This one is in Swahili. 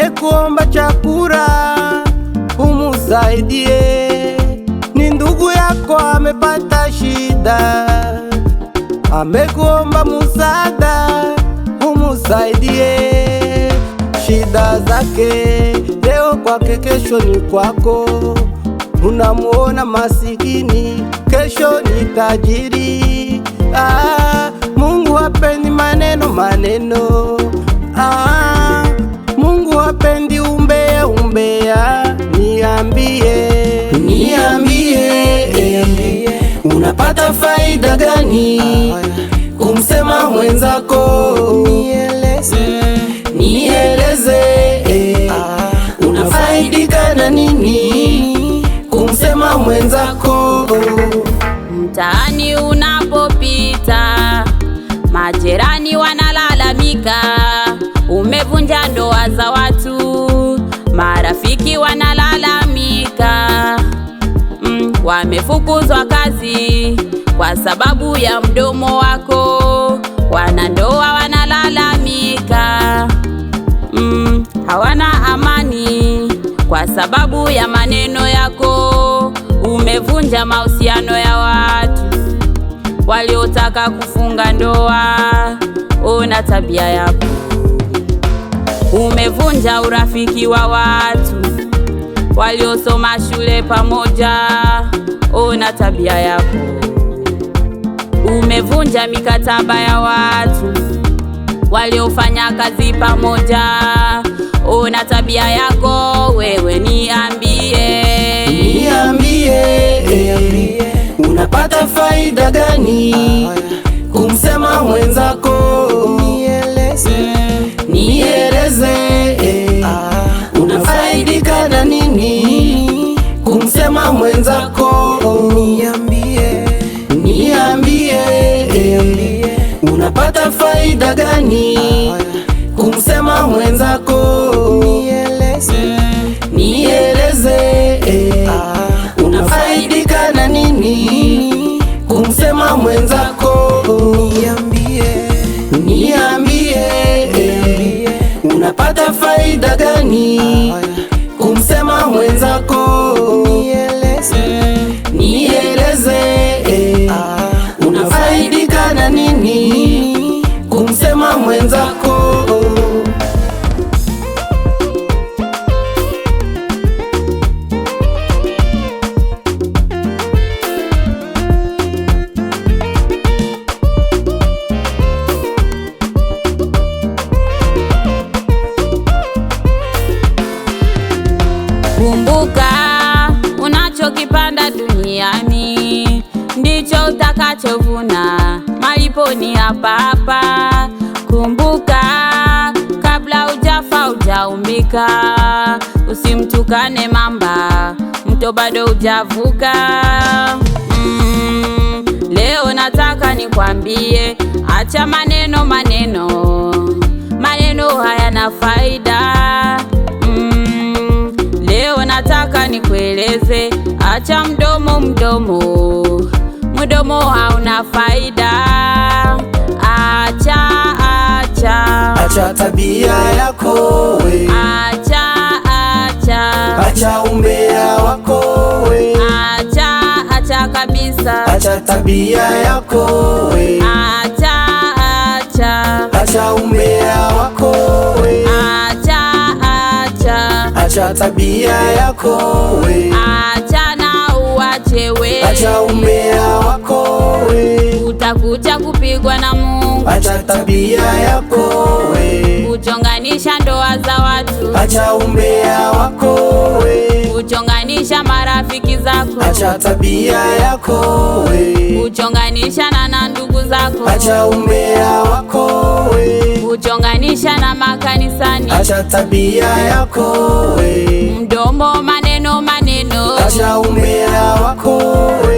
amekuomba chakula umusaidie, ni ndugu yako amepata shida, amekuomba musada umusaidie. Shida zake leo kwake, kesho ni kwako. Unamuona masikini, kesho ni tajiri. Ah, Mungu hapendi maneno maneno faida gani kumsema mwenzako nieleze, nieleze eh, ah. unafaidika na nini kumsema mwenzako? Mtaani unapopita majirani wanalalamika, umevunja ndoa za watu, marafiki wanalalamika, mm, wamefukuzwa kazi kwa sababu ya mdomo wako. Wanandoa wanalalamika mm, hawana amani kwa sababu ya maneno yako. Umevunja mahusiano ya watu waliotaka kufunga ndoa. Ona tabia yako, umevunja urafiki wa watu waliosoma shule pamoja. Ona tabia yako. Umevunja mikataba ya watu waliofanya kazi pamoja. Una tabia yako wewe, niambie, niambie, niambie, unapata faida gani? faida gani kumsema mwenzako? Nieleze, nieleze eh, unafaidika na nini kumsema mwenzako? Niambie, niambie eh, unapata faida gani? duniani ndicho utakachovuna, malipo ni hapa hapa. Kumbuka, kabla ujafa ujaumbika Usimtukane mamba, mto bado ujavuka Mm, leo nataka nikwambie, acha maneno maneno, maneno hayana faida. Mm, leo nataka nikueleze, acha mdomo, mdomo hauna faida. Acha, acha, acha tabia yako we, acha, acha, acha umbea wako we, acha, acha kabisa, acha tabia yako we, acha, acha, acha umbea wako we, acha, acha, acha tabia yako we, acha, acha umbea wako we, utakuja kupigwa na Mungu. Acha tabia yako we, kuchonganisha ndoa za watu. Acha umbea wako we, kuchonganisha marafiki zako. Acha tabia yako we, kuchonganisha na na ndugu zako. Acha umbea wako we, kuchonganisha na makanisani. Acha tabia yako we, mdomo maneno maneno. Acha umbea 过。